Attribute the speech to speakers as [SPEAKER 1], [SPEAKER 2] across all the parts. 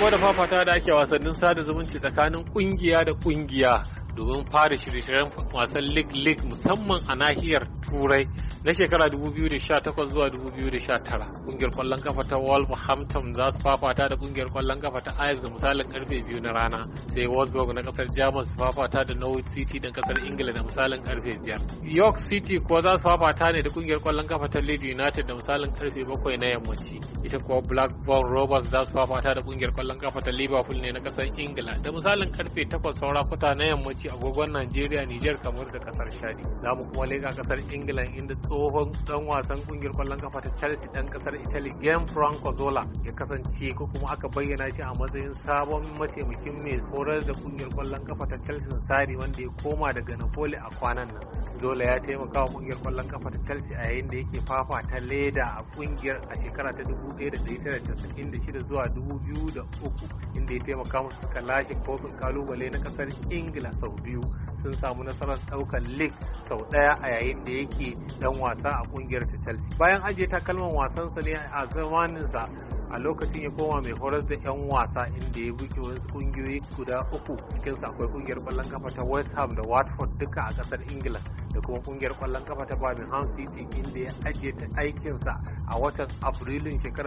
[SPEAKER 1] game da fafata da ake wasannin sada zumunci tsakanin kungiya da kungiya domin fara shirye-shiryen wasan lig-lig musamman a nahiyar turai na shekara 2018 zuwa 2019 kungiyar kwallon kafa ta Wolverhampton za su fafata da kungiyar kwallon kafa ta Ajax da misalin karfe biyu na rana sai Wolfsburg na kasar Jamus su fafata da Norwich City da kasar Ingila da misalin karfe biyar York City kuwa za su fafata ne da kungiyar kwallon kafa ta Leeds United da misalin karfe bakwai na yammaci ita kuwa blackburn rovers za su fafata da kungiyar kwallon kafa ta liverpool ne na kasar ingila da misalin karfe 8 saura kuta na yammaci agogon najeriya niger kamar da kasar shadi za mu kuma leka kasar ingila inda tsohon dan wasan kungiyar kwallon kafa ta chelsea dan kasar italy game franco zola ya kasance ko kuma aka bayyana shi a matsayin sabon mataimakin mai horar da kungiyar kwallon kafa ta chelsea sari wanda ya koma daga napoli a kwanan nan zola ya taimaka wa kungiyar kwallon kafa ta chelsea a yayin da yake fafata leda a kungiyar a shekara ta dubu 1996 zuwa 2003 inda ya taimaka musu suka lashe kofin kalubale na kasar ingila sau biyu sun samu nasarar daukar league sau daya a yayin da yake dan wasa a kungiyar ta chelsea bayan ajiye takalman wasan sa ne a zamaninsa a lokacin ya koma mai horar da 'yan wasa inda ya buke wasu kungiyoyi guda uku cikinsu akwai kungiyar kwallon kafa ta west ham da watford duka a kasar ingila da kuma kungiyar kwallon kafa ta birmingham city inda ya ajiye ta aikinsa a watan afrilun shekarar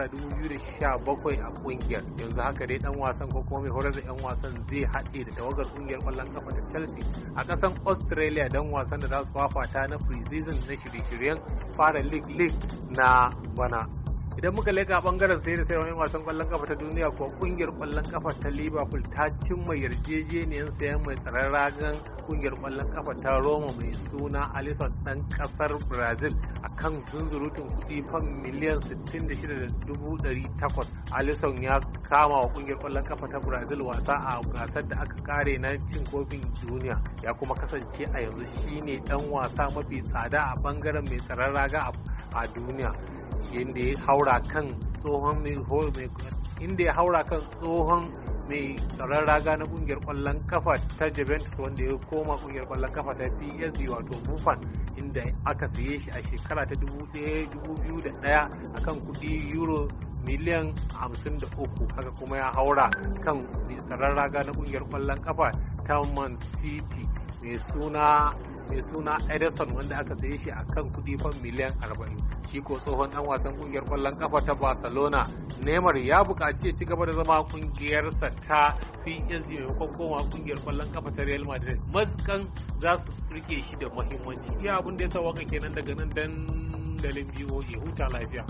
[SPEAKER 1] shekara 2017 a kungiyar yanzu haka dai dan wasan ko kuma mai horar da yan wasan zai haɗe da tawagar kungiyar kwallon kafa ta Chelsea a ƙasan Australia dan wasan da za su fafata na pre-season na shirye-shiryen fara league league na bana idan muka leka bangaren sai da wani wasan kwallon kafa ta duniya ko kungiyar kwallon kafa ta liverpool ta cimma yarjejeniyar sayan mai tsaron ragan kungiyar kwallon kafa ta roma mai suna alison dan kasar brazil a kan zunzurutun kuɗi fam miliyan 66,800 alison ya kama wa kungiyar kwallon kafa ta brazil wasa a gasar da aka kare na cin kofin duniya ya kuma kasance a yanzu shine dan wasa mafi tsada a bangaren mai tsaron raga a duniya inda ya haura kan tsohon mai inda ya haura kan tsohon mai tsaron raga na kungiyar kwallon kafa ta Juventus wanda ya koma kungiyar kwallon kafa ta PSG wato Buffon inda aka saye shi a shekara ta 2001 akan kudi euro miliyan 53 haka kuma ya haura kan tsaron raga na kungiyar kwallon kafa ta Man City mai suna mai suna Edison wanda aka saye shi a kan kudi fan miliyan 40. Shi ko tsohon dan wasan kungiyar kwallon kafa ta Barcelona Neymar ya buƙaci ya ci gaba da zama kungiyarsa ta PSG maimakon koma kungiyar kwallon kafa ta Real Madrid. Maskan za su rike shi da muhimmanci. Iya abin da ya sa waka kenan daga nan dandalin ya huta lafiya.